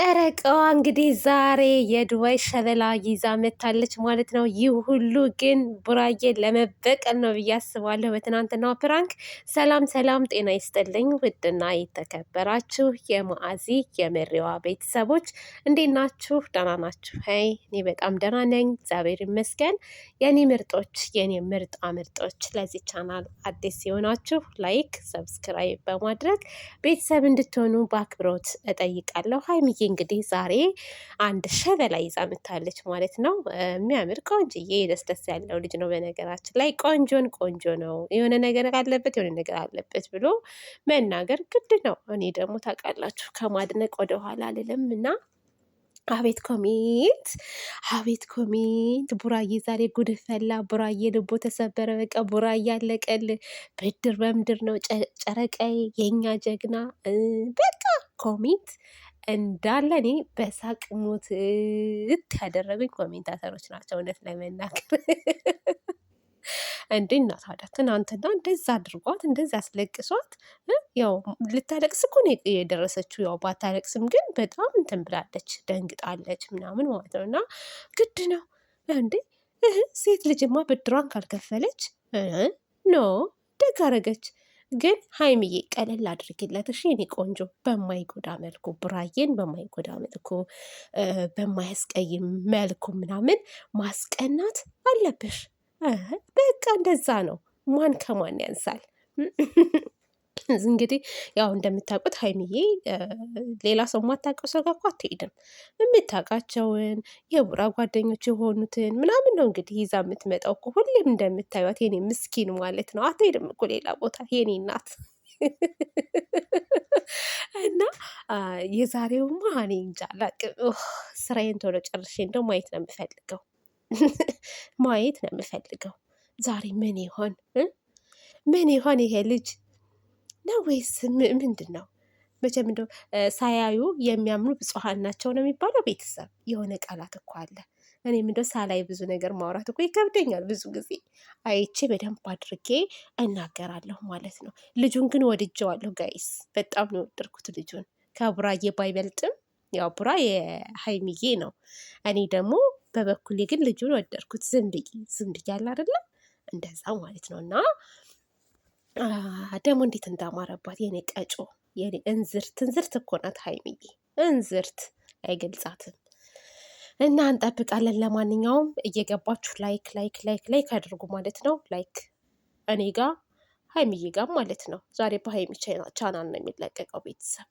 ጨረቃዋ እንግዲህ ዛሬ የዱባይ ሸበላ ይዛ መታለች ማለት ነው። ይህ ሁሉ ግን ቡራዬ ለመበቀል ነው ብዬ አስባለሁ በትናንትናው ፕራንክ። ሰላም ሰላም፣ ጤና ይስጥልኝ ውድና የተከበራችሁ የማአዚ የመሪዋ ቤተሰቦች እንዴት ናችሁ? ደህና ናችሁ? ሀይ እኔ በጣም ደህና ነኝ እግዚአብሔር ይመስገን። የኔ ምርጦች፣ የኔ ምርጣ ምርጦች፣ ለዚህ ቻናል አዲስ የሆናችሁ ላይክ፣ ሰብስክራይብ በማድረግ ቤተሰብ እንድትሆኑ በአክብሮት እጠይቃለሁ። ሀይሚዬ እንግዲህ ዛሬ አንድ ሸበላ ይዛ ምታለች ማለት ነው። የሚያምር ቆንጅዬ ደስ ያለው ልጅ ነው። በነገራችን ላይ ቆንጆን ቆንጆ ነው የሆነ ነገር አለበት የሆነ ነገር አለበት ብሎ መናገር ግድ ነው። እኔ ደግሞ ታውቃላችሁ ከማድነቅ ወደኋላ አልልም እና አቤት ኮሜንት አቤት ኮሜንት። ቡራዬ ዛሬ ጉድ ፈላ። ቡራዬ ልቦ ተሰበረ። በቃ ቡራዬ አለቀል። ብድር በምድር ነው ጨረቃዬ፣ የኛ ጀግና። በቃ ኮሜንት እንዳለ እኔ በሳቅ ሞትት ያደረጉኝ ኮሜንታተሮች ናቸው። እውነት ለመናገር እንዴ እና ታዲያ ትናንትና እንደዛ አድርጓት እንደዛ አስለቅሷት፣ ያው ልታለቅስ እኮ ነው የደረሰችው። ያው ባታለቅስም ግን በጣም እንትን ብላለች፣ ደንግጣለች ምናምን ማለት ነው። እና ግድ ነው እንዴ ሴት ልጅማ ብድሯን ካልከፈለች ኖ ደግ አረገች። ግን ሀይምዬ ቀለል አድርግለት እሺ፣ እኔ ቆንጆ በማይጎዳ መልኩ ብራዬን በማይጎዳ መልኩ በማያስቀይም መልኩ ምናምን ማስቀናት አለብሽ። በቃ እንደዛ ነው። ማን ከማን ያንሳል? እንግዲህ ያው እንደምታውቁት ሀይሚዬ ሌላ ሰው የማታውቀው ሰው ጋር እኮ አትሄድም። የምታውቃቸውን የቡራ ጓደኞች የሆኑትን ምናምን ነው እንግዲህ ይዛ የምትመጣው እኮ ሁሌም እንደምታዩት የኔ ምስኪን ማለት ነው። አትሄድም እኮ ሌላ ቦታ የኔ እናት እና የዛሬውማ እኔ እንጃ አላቅም። ስራዬን ቶሎ ጨርሼ እንደው ማየት ነው የምፈልገው፣ ማየት ነው የምፈልገው። ዛሬ ምን ይሆን ምን ይሆን ይሄ ልጅ? ነው ወይስ ምንድን ነው? መቼም እንደው ሳያዩ የሚያምኑ ብፁዓን ናቸው ነው የሚባለው። ቤተሰብ የሆነ ቃላት እኮ አለ። እኔም እንደው ሳላይ ብዙ ነገር ማውራት እኮ ይከብደኛል። ብዙ ጊዜ አይቼ በደንብ አድርጌ እናገራለሁ ማለት ነው። ልጁን ግን ወድጀዋለሁ ጋይስ፣ በጣም ነው የወደድኩት ልጁን ከቡራዬ ባይበልጥም ያው ቡራ የሀይሚዬ ነው። እኔ ደግሞ በበኩሌ ግን ልጁን ወደድኩት። ዝም ብዬ ዝም ብዬ አለ አይደለም እንደዛ ማለት ነው እና ደግሞ እንዴት እንዳማረባት የኔ ቀጮ የኔ እንዝርት እንዝርት እኮ ናት ሀይሚዬ እንዝርት አይገልጻትም። እና እንጠብቃለን። ለማንኛውም እየገባችሁ ላይክ ላይክ ላይክ ላይክ አድርጉ ማለት ነው። ላይክ እኔ ጋ ሀይሚዬ ጋር ማለት ነው። ዛሬ በሀይሚ ቻናል ነው የሚለቀቀው ቤተሰብ